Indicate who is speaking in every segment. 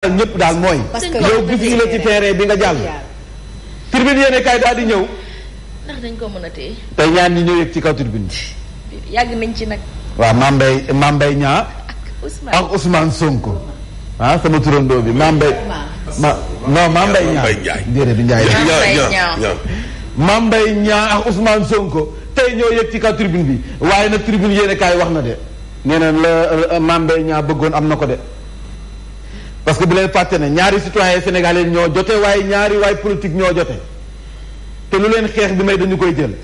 Speaker 1: daal ñëpp daal mooy yow gis la ci terrain bi nga jàll tribune yéene kaay daal di ñëw ndax dañ ko mën a ñaan ci kaw tribune yàgg nañ ci nag waaw Mame Mbaye Mame Mbaye Sonko ah sama turandoo bi Mame Mbaye ma non Mame Mbaye Niang déedéet Sonko tey ñoo yëg ci kaw tribune bi waaye nag tribune yéene kaay wax na de nee na la Mame Mbaye bëggoon am na ko de parce que bu leen fàtte ne ñaari citoyen sénégalais ñoo jote waaye ñaari waay politique ñoo jote te lu leen xeex bi may dañu koy jël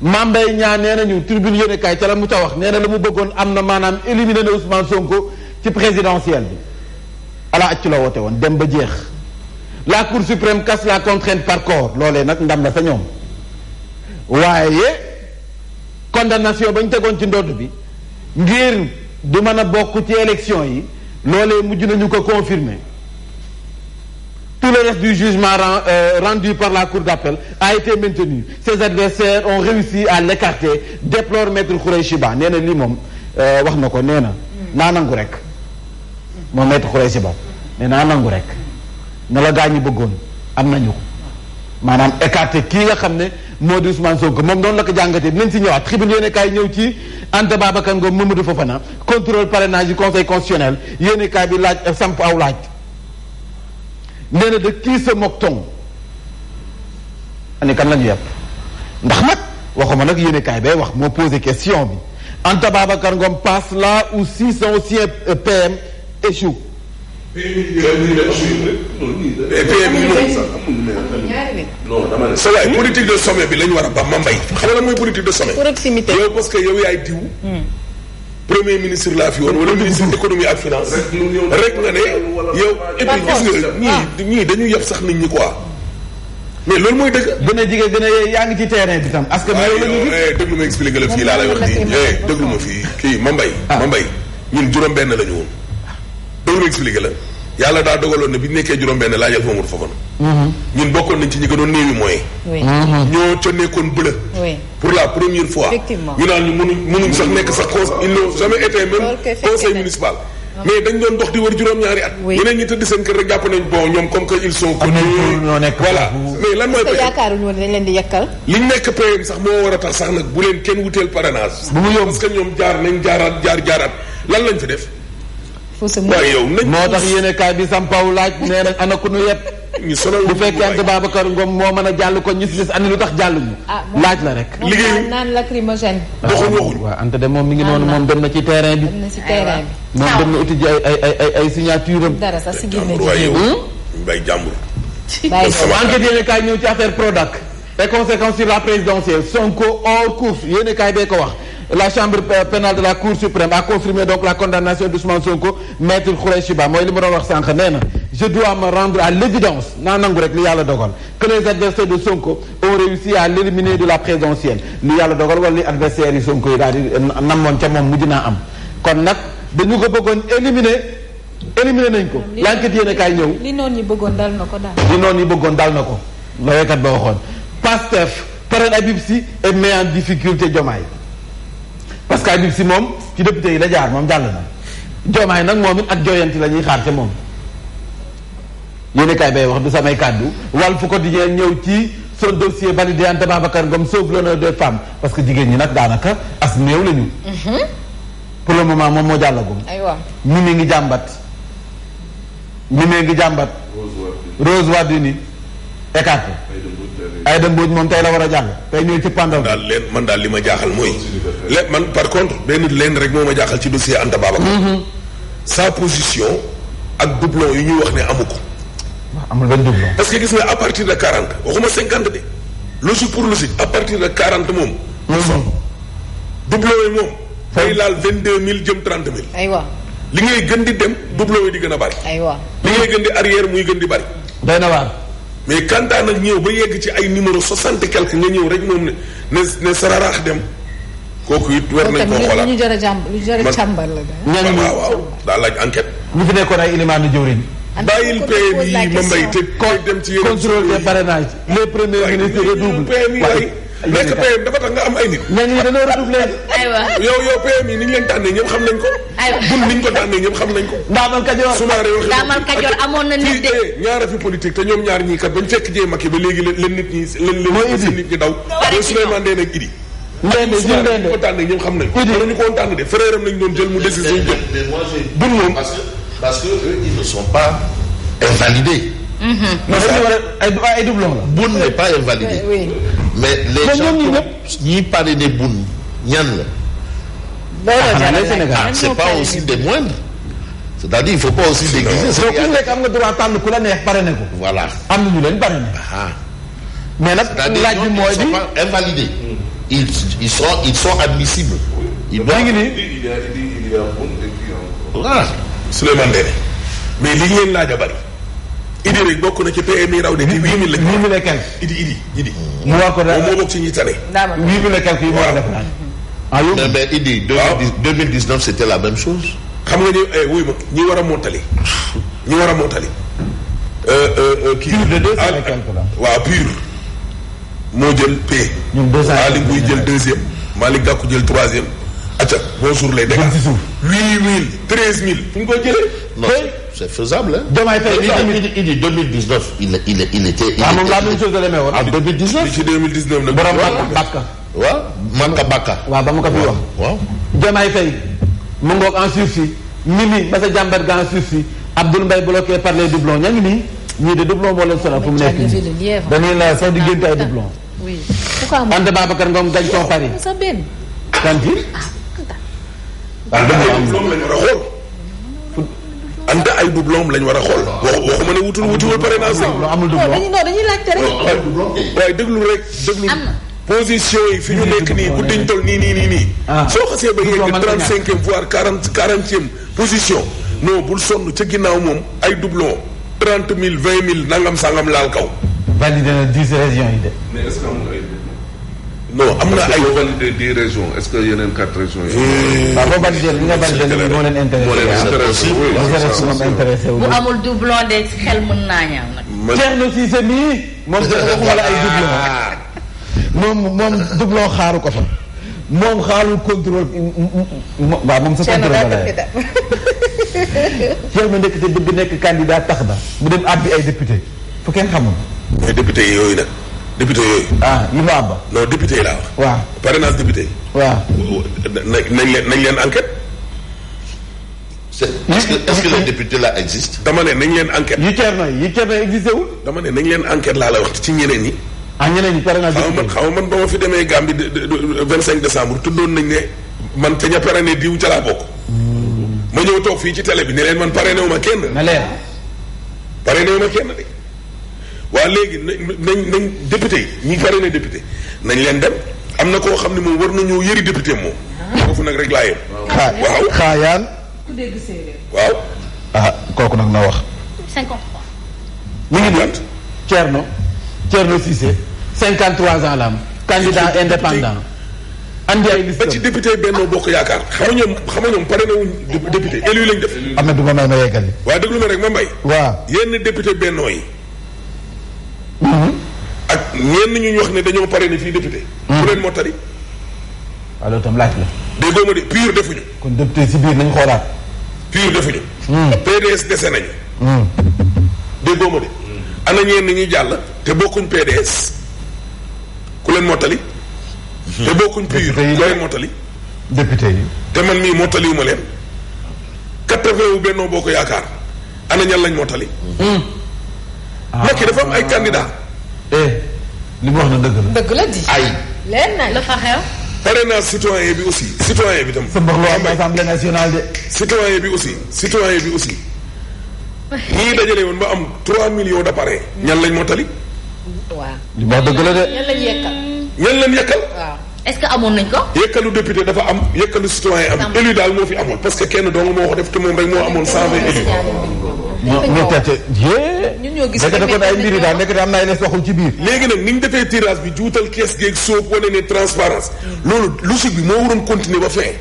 Speaker 1: maam Mbaye Niang nee nañu tribune yéene kaay ca la mu ca wax nee na la mu bëggoon am na maanaam éliminé na Ousmane Sonko ci présidentielle bi ala accu la woote woon dem ba jeex la cour suprême casse la contrainte par corps loolee nag ndam la sa ñoom waaye condamnation ba ñu tegoon ci ndodd bi ngir du mën a bokk ci élection yi loolee mujj nañu ko confirmer tout le reste du jugement euh, rendu par la cour d'appel a été maintenu ses adversaires ont réussi à l'écarter déplore maître Khoureychi Ba nee na lii moom euh, wax na ko nee na naa nangu rek moom maître Khoureychi Ba nee naa nangu rek na la gaa bëggoon am nañu ko maanaam écarté kii nga xam ne moo di Ousmane Sonko moom noonu la ko jàngatee dinañ si ñëwaat tribune yéenekaay ñëw ci Anta Babacar Ngom Mamadou Fofana contrôle parrainage yi conseil constitutionnel yéenekaay bi laaj samp aw laaj nee na de kii se moque-t-on ani la ñu yàpp ndax nag waxuma nag yéenekaay bay wax moo posé question bi Anta Babacar Ngom passe là où 600 anciens PM échouent PMI yooyu la non dama ne. salaay politique de sommet bi lañu war a ba Mambay. xam nga lan mooy politique de sommet. proximité yow parce que yow yaay diw. Hmm. premier ministre laa fi woon wala ministre économie ak finance. rek nga ne yow et puis ñii ñii dañuy yab sax nit ñi quoi. mais loolu mooy dëgg. gën a jigéen gën a yaa ngi ci terrain bi tam. askan wi la ñu gis eh, déglu ma expliqué la fii laa lay wax nii eh, déglu ma fii kii Mambay. Ah. Mambay ñun juróom benn la ñu woon déglu ma expliqué la yàlla daa dogaloon na bi nekkee juróom-benn laajal fa mu foofu mhm. ñun bokkoon nañ ci ñi gënoon néewi moyen. Mhm. ñoo ca nekkoon bële. pour la première fois. ñu naan ñu mënuñ mënuñ sax nekk sax cons ils n'ont jamais été même mais dañ doon dox di wër juróom-ñaari at. ñeneen ñi seen kër rek jàpp nañ bon ñoom comme que ils sont. connus voilà mais lan mooy. yaakaaruñu woon dañ leen di yàkkal. liñ nekk PM sax moo war a tax sax nag bu leen kenn wuteel parrainage. bu mu yomb parce ñoom jaar nañ jaaraat jaar jaaraat lan lañ fi def faut se mouiller. yow moo tax yéen kaay bi sampaw laaj nee nañ ana ku nu yet ñu sonal bu fekkente Babacar moo mën a jàll ko ñu si des andi lu tax jàlluñu. Ah, laaj la rek. liggéey naan lacrymogène. Ah, doxul de moom mi ngi ah, noonu moom dem na ci terrain bi. dem na ci terrain bi. moom dem na uti ji ay ay ay ay signature am. dara sax hmm? ñëw ci affaire Prodac. et conséquences sur la présidentielle Sonko hors course yéen kaay bee ko wax. la chambre euh, pénale de la cour suprême a confirmé donc la condamnation d'Ousmane Sonko maître Khoureyssi Ba mooy li ma doon wax sànq nee na je dois me rendre à l'évidence naa nangu rek li yàlla dogal que les adversaires de Sonko ont réussi à l'éliminer de la présidentielle li yàlla dogal wala li adversaires yi Sonko yi daal euh, namoon ca moom mujj naa am kon nag dañu ko bëggoon éliminer éliminé nañ ko l'enquête yéen a kaay ñëw li noonu yi bëggoon dal na ko daal na ko la waykat ba waxoon Pastef parrain Habib Sy et met en Abdoulaye Bibi si moom ci député yi la jaar moom jàll na Diomaye nag moom it ak jooyanti la ñuy xaar ca moom yéen kay bay wax du samay kàddu wàll fu ko di ñëw ci son dossier validé Anta Babacar Ngom sauve l'honneur des femmes parce que jigéen ñi nag daanaka as néew la ñu mhm. pour le moment moom moo jàllagum aywa mi mi ngi jàmbat mi ngi jàmbat Rose Wardini écarté Aïda Mbodj moom tey la war a jàng tey ñooy ci pandaw daal leen man daal li ma jaaxal mooy leen man par contre benn leen rek moo ma jaaxal ci dossier Anta Babacar mhm. sa position ak doublon yu ñuy wax ne amu ko amul benn parce que gis nga à partir de quarante waxuma cinquante de logique pour logique à partir de quarante moom son mhm. doublon yi moom day laal vingt deux mille jëm trente mille aywa li ngay gën di dem doublon yi di gën a bari li ngay gën di arrière muy gën di bari mais kantaan nag ñëw ba yegg ci ay numéro soixante quelque nga ñëw rek moom ne ne ne sararaax dem kooku it war nañ koo xoolaat lu jar a jàmb lu a daal daa laaj enquête ñu fi nekkoon ay ilimaanu jëwriñ bàyyil PM yi ma mbay te koy dem ci yéen contrôle des parrainages les premiers ministres redouble mais que PM dafa tax nga am ay nit. ñooñu dañoo redoubler. aywa yow yow PM yi ni ñu leen tànnee ñëpp xam nañ ko. bun ni ñu ko tànnee ñëpp xam nañ ko. Daamal Kajoor e, nit ñi daw. bun moom parce que parce que ne sont mm-hmm. ay doublon bun n'est pas invalidé. mais les gens ñiy parrainé Boun ñan la. ah c'est pas aussi des moindres. c'est-à-dire il faut pas aussi déguiser. soo ku nekk am nga droit tànn ku la neex ne ko. voilà am na ñu leen parrainé. mais nag laaj bi mooy bi pas invalidés. Mm. ils ils sont ils admissibles. ils doivent ngi nii. il y a mais li ngeen laaj a Idi rek bokk na ci PMI raw de. ci huit mille huit mille et quelque. Idi Idi Idi. mu war moo bokk ci ñi tane. huit mille et quelque yi a def ah yow mais Idi. deux mille dix neuf c' la même chose. xam nga ni eh, wuy ma ñi war a montali. ñi war a montali. Euh, euh, euh, kii pure moo jël P. ñun deux cent jël deuxième. Malick Gakou jël troisième. acca bonjour les dégâts. huit mille treize mille. fu ñu koy jëlee. c'est faisable hein. Diomaye Faye tamit il dit 2019 il il il était. il ah, moom la même chose la demee woon. en 2019 ci 2019 nag. borom Bakka waaw Makka Bakka. waaw ba mu ko fi wax. waaw Diomaye Faye mu ngoog en sursis Mimi Massa Diambar ga en sursis Abdoul Mbaye bloqué par les doublons ña ngi nii ñii de doublon moo leen sonal fu mu nekk nii dañuy la sax diggante ay ah, doublon. Ah, oui pourquoi amul Anta Babacar Ngom gañ son pari. sa benn. kan ci. ah dëgg la am doublon lañ war a xool. waaw waxuma ne wutul wutiwul parrainage. amul doublon non dañuy non dañuy rek. waaye déglu position yi fi ñu nekk nii ku diñ tol nii nii nii nii. Ah. soo xasee ba yegg trente cinquième voire quarante quarantième position. non bul sonn ca ginnaaw moom ay doublon trente mille vingt mille nangam sangam laal kaw. validé na dix régions yi de. non am na ay boo validé dix régions est que yeneen quatre régions yi. Eh. waaw boo moo leen intéressé. moo leen intéressé moom intéressé wu. bu amul doublon moom de waxuma la moom moom doublon xaaru ko fa. moom xaarul contrôle waaw moom sa contrôle la la Thierno nekk te bëgg nekk candidat tax na. mu dem àbbi ay député fu kenn xamul. ay député yooyu nag. député yooyu. ah lu ma ba. non député yi laa wax. waaw parrainage député. waaw nañ leen nañ leen enquête. c' est est-ce que est-ce que nañ leen enquête. yu Thierno yi yu Thierno existé wul. dama ne nañ leen enquête laa la wax ci ñeneen ñi. ah ñeneen ñi parrainage député xaw man xaw man ba ma fi demee Gambie vingt cinq décembre tuddoon nañ ne man te ña parrainé diw ca laa bokk. Hmm. ma ñëw toog fii ci télé bi ni leen man parrainé wu ma kenn. na leer parrainé wu ma kenn de. waa léegi nañ nañ député yi ñi fare ne député nañ leen dem am na koo xam ne moom war nañoo yëri député moom. foofu nag rek laa yem. waaw xaayaan. ku dégg séeréer. waaw. Ah, kooku nag na wax. 53. mu ngi nii Thierno Thierno Cissé. 53 ans la am. candidat indépendant. andi ay liste ba ci député Benno Bokk Yaakaar. xam nga ñoom xam nga ñoom pare na wuñ député élu lañ def. am na du ma may ma waa waaw déglu ma rek ma mbay. waaw yenn député Benno yi. ak ñenn ñu ñu wax ne dañoo pare ne fii député. bu hmm. leen moo tari. waaw loolu itam laaj la. day góob a de pure kon député si biir nañu xoolaat. pure defuñu. Hmm. PDS dese nañu. day góob a de. ana ñenn ñi jàll. te bokkuñ PDS. ku leen mottali. Hmm. te bokkuñ pure ku leen mottali. député yi. te man mii mottaliwuma leen. quatre wu bennoo boo ko yaakaar ana ñal lañ mottali. Ah. Macky dafa am ay candidat eh li mu wax na dëgg la. dëgg la ay leen nañ la fa xew. parrainage citoyen bi aussi citoyen bi tam. sa mboq la am assemblée nationale de. citoyen bi aussi citoyen bi aussi. ñii dajale woon ba am 3 millions d'appareils. ñan lañ moo tali. waaw. li mu dëgg la de. ñan lañ yekkal. ñan lañ yekkal. est-ce que amoon nañ ko. yekkalu député dafa am yekkalu citoyen am. élu daal moo fi amoon parce que kenn dong moo ko def te moom rek moo amoon 120 élus. ñu tete yée ñun gis nekk kon ay mbir yi daal nekk am na ay les waxul ci biir léegi nag ni ñu defee tirage bi juutal kees geeg soob wane ne transparence mm. loolu logique bi moo waroon continuer ba fin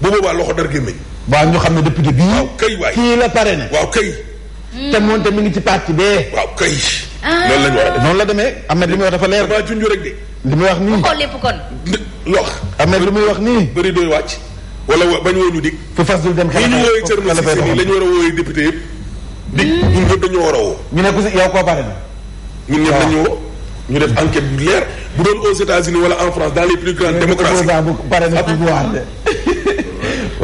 Speaker 1: bu boobaa loxo dar gémmeñ waaw ñu xam ne député bii waaw kay waay kii la pare ne waaw kay mm. te moom te mi ngi ci parti bee waaw kay ah. loolu lañu wax la demee am na li muy wax dafa leer dafa junj rek de li muy wax nii lox am na li muy wax nii bëri doy wàcc wala bañ woo ñu dig fu fas dul dem xel la ñu wooyee Thierno Cissé a wooyee député bi ñun ñëpp dañoo war a woo. ñu ne ko si yow koo pare na. ñun ñëpp dañu woo. ñu def enquête bu leer bu doon aux États-Unis wala en France dans les plus grandes démocraties. pare na pouvoir de.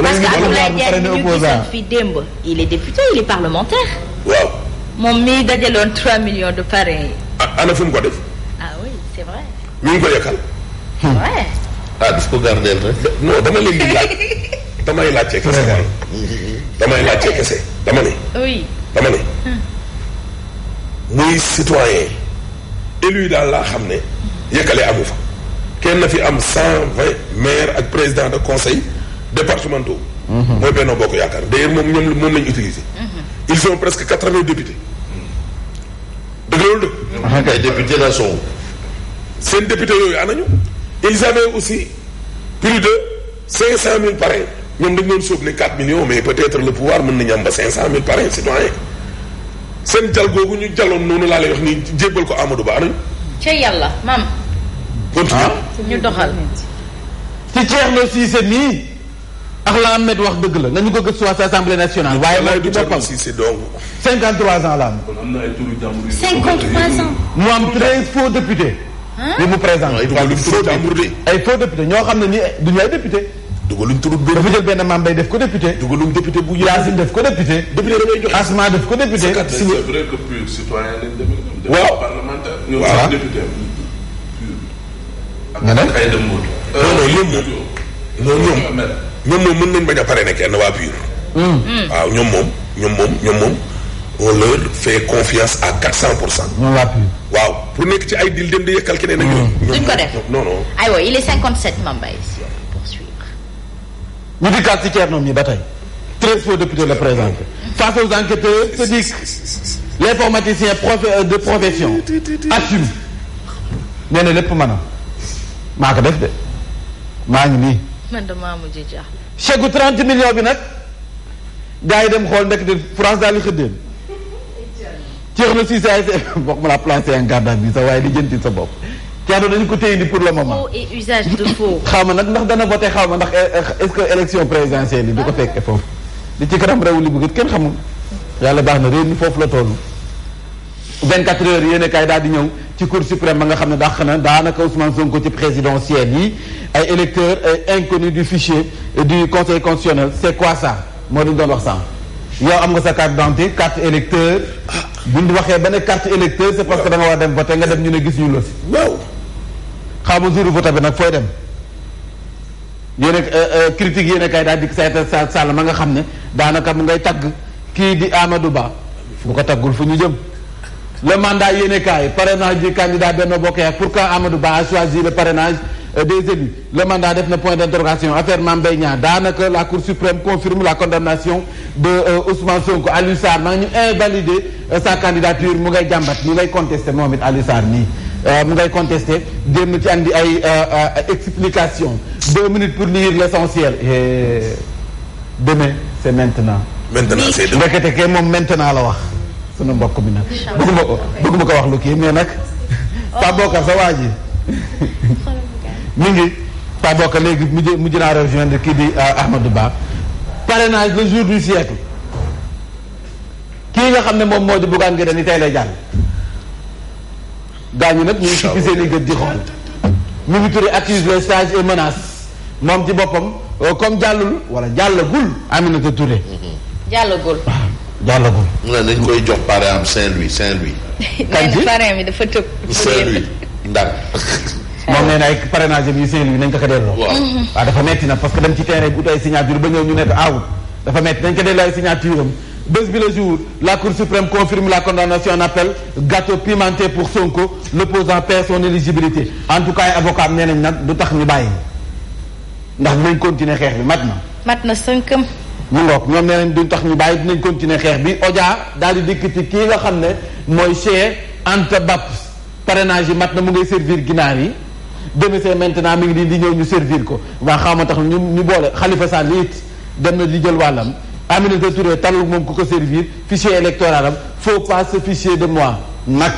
Speaker 2: parce que Abdoulaye Diagne ñu gisoon fi
Speaker 1: démb il est député il est parlementaire. waaw. moom mii dajaloon 3 millions de parrains yi. ah ana fu mu ko def. ah oui c'est vrai. ñu ngi ko yekkal. ouais. ah bis ko gardeel rek. non dama leen di laaj damay laajte kese. damay laajte kese dama ne. oui. dama ne. muy citoyen élu daal laa xam ne yëkkale amu fa kenn fi am cent vingt maire ak président de conseil départementaux. Mhm. mooy Benno Bokk Yaakaar d'ailleurs moom ñoom moom la ñu utilisé. Mhm. ils ont presque quatre-vingts députés. dëgg loolu dëgg. Ah, seen député yooyu anañu ils aussi plus de cinq cent mille parrains. ñoom dañ doon sóob ne 4 millions mais peut-être le pouvoir mën nañu am ba 500000 parrain citoyen seen jal googu ñu jaloon noonu laa lay wax nii jébbal ko Amadou Ba anañ. ca yàlla maam. continué ah. ñu doxal. ci Thierno Cissé mii ak la Ahmed wax dëgg la nañu ko gëstuwaat sa assemblée nationale. waaye moom ci na ay turu jàmbur 53 ans. mu am 13 faux députés. yi mu présenté. Ah, ay faux députés ñoo xam na nii duñu ay député. dugalum turut benn. dafa jël benn maam bay def ko député. dugalum député bu Yacine def ko député. député da ngay joxe Asma def ko député. waaw ñoom am. nga ne ay dem non non moom euh, ñoom moom nañ bañ a pare ne kenn waa pur. Hmm. ñoom moom ñoom moom ñoom moom. on leur fait confiance à 400 pour cent. waaw pour nekk ci ay dil dem di yëkkal keneen ak. Hmm. duñ ko def non non. aywa il est 57 Mame Mbaye ñu dikkaat si Thierno mi ba tey très faux député la présenté face aux enquêteurs se dit les informaticiens euh, de profession assume nee na lépp mën a maa ko def de maa ngi nii. man damaa mujj jaaxle. chèque gu 30 bi nag gars yi dem xool ndekk de France daal di xëddeen. Thierno Cissé wax ma la placé en garde à vue sax waaye di jënti sa bopp. Thiado dañu ko téye ni pour le moment. faux et usage de faux. xaw ma nag ndax dana voté xaw ma ndax eh, eh, est-ce que élection présidentielle yi du ko fekkee foofu. li ci kanam réew li bëgg kenn xamul. yàlla baax na réew mi foofu la toll. 24 heures yéen a kaay daal di ñëw ci cour suprême ba nga xam ne dàq na daanaka Ousmane Sonko ci présidentielle yi ay électeurs ay inconnus du fichier du conseil constitutionnel c' est quoi ça moo di doon wax sànq. yow am nga sa carte d' identité carte électeur ah. buñ waxee ba ne carte électeur c' est parce que da nga war a dem voté nga dem ñu ne gis ñu la si. xawma jour vote bi nag fooy dem yéen euh, euh, critique yéen kay daal di sayta sàll ma nga xam ne daanaka mu ngay tagg kii di Amadou Ba bu ko taggul fu ñu jëm le mandat yéen kaay parrainage du candidat Benno Bokk Yaakaar pourquoi Amadou Ba a choisi le parrainage euh, des élus le mandat def na point d'interrogation affaire Mame Mbaye Niang daanaka la cour suprême confirme la condamnation de Ousmane Sonko Aliou Sarr maa ngi ñu invalider sa candidature mu ngay jàmbat mu ngay contester moom it Aliou Euh, mu ngay contesté jéem ci andi ay euh, euh, explication deux minutes pour lire l'essentiel et demain c'est maintenant. maintenant c'est demain moom maintenant la wax sunu mbokk mi nag. bëgguma ko bëgguma ko wax lu kii mais nag. Oh. Pa Bokar sa waa ji mi ngi Pa Bokar léegi mu mujj mujj naa rejoindre kii di Ahmadou Ba parrainage le jour du siècle kii nga xam ne moom moo di Bougane Gueye Dany tey lay jàll gaañu nag ñu ngi ci seen i gët di xool mi ngi turé accuse le stage et menace moom ci boppam euh, comme jàllul wala jàllagul Aminata Touré mhm. jàllagul ah, jàllagul mu ne nañ koy jox parrain am Saint-Louis Saint-Louis kan ci parrain bi dafa tëb Saint-Louis ndar na ay parrainage yi Saint-Louis nañ ko ko delloo waaw ah, dafa metti na parce que dem ci terrain bi ut ay signature ba ñu nekk aawut ah, dafa metti nañ ko delloo ay signature am bés bi le jour la Cour suprême confirme la condamnation en appel gâteau pimenté pour Sonko l'opposant perd son éligibilité en tout cas ay avocat nee nañ nag du tax ñu bàyyi ndax dinañ continuer xeex bi mat na. mat na sënkam. mu ngoog ñoom nee nañ duñ tax ñu bàyyi dinañ continuer xeex bi Odia daal di dikkati kii nga xam ne mooy Cheikh Anta Bap parenage yi mat na mu ngay servir ginaar yi demee see maintenant mi ngi di ñëw ñu servir ko waa xaw ma tax ñu ñu boole Khalifa Sall it dem na di jël wàllam. Aminata Touré tànn moom ku ko servir fichier électoral faut pas se de moi nag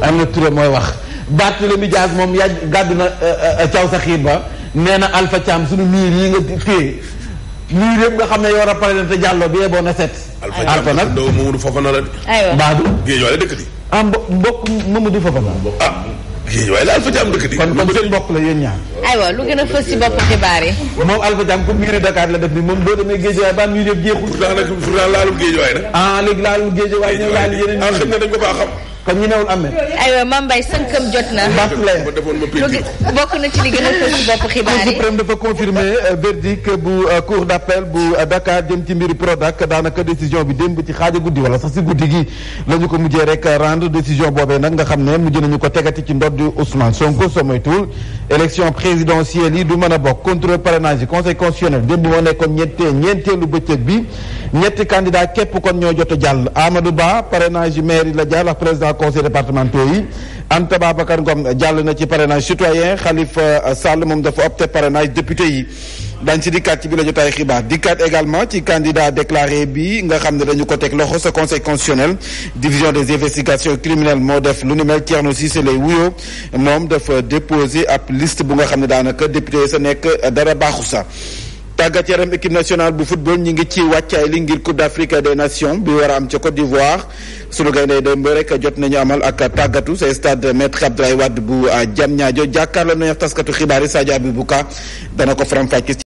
Speaker 1: Aminata Touré mooy wax. Barthélémy Dias moom yaa gàddu na euh, euh, caw sa xiir ba nee na Alpha Thiam suñu miir yi nga téye miir yëpp nga xam ne yow rappelé na te jàlloo bi yeboo na set. Alpha nag Mamadou Fofana la. aywa Badou. géej wala dëkk di. ah mbo mbokk Mamadou Fofana. ah. waaye la Alpha Thiam dëkk di. kon kon seen mbokk la yéen ñaar. aywa lu gën a fës si bopp xibaar yi. moom Alpha Thiam comme miiri Dakar la def ni moom boo demee Géejawaay ba am ñu ñëpp jeexul. pourtant nag pourtant laalul Géejawaay nag. ah léegi laalul Géejawaay ñëw laal yeneen. ah xam ne dañ ko baax xam. comme ñu newul am na. aywa Mame Mbaye sënkam jot na. bokk na ci li gën a fës ci xibaar yi. Cour suprême euh, bu euh, cour d'appel bu euh, Dakar jëm ci mbiru Prodac daanaka décision bi dem démb ci xaaja guddi wala sax si guddi gi la ñu ko mujjee rek rendre décision boobee nag nga xam ne mujj nañu ko tegati ci ndodd Ousmane Sonko soo moytuwul élection présidentielle yi du mën a bokk contrôle parrainage yi conseil constitutionnel démb moo nekkoon ñettee ñeenteelu bëccëg bi ñetti candidat képp kon ñoo jot a jàll waa conseil départementaux yi Anta Babacar Ngom jàll na ci parrainage citoyen Khalifa Sall moom dafa opté parrainage député yi dañ ci dikkaat ci bi la jotaay xibaar dikkaat également ci candidat déclaré bi nga xam ne dañu ko teg loxo sa conseil constitutionnel division des investigations criminelles moo def lu ni mel Thierno Cissé lay wuyoo moom dafa déposé ab liste bu nga xam ne daanaka député sa nekk dara baaxu sa tàggat yaram équipe national bu football ñi ngi ci wàccaay li ngir coupe d'Afrique des nations bi war a am ca Côte d'Ivoire sunu gaynde démb rek jot nañu amal ak tàggatu sa stade maître Abdoulaye Wade bu euh, Diamniadio jàkkaarloo nañu taskatu xibaar yi Sadio bu Ka dana ko faram-fàcce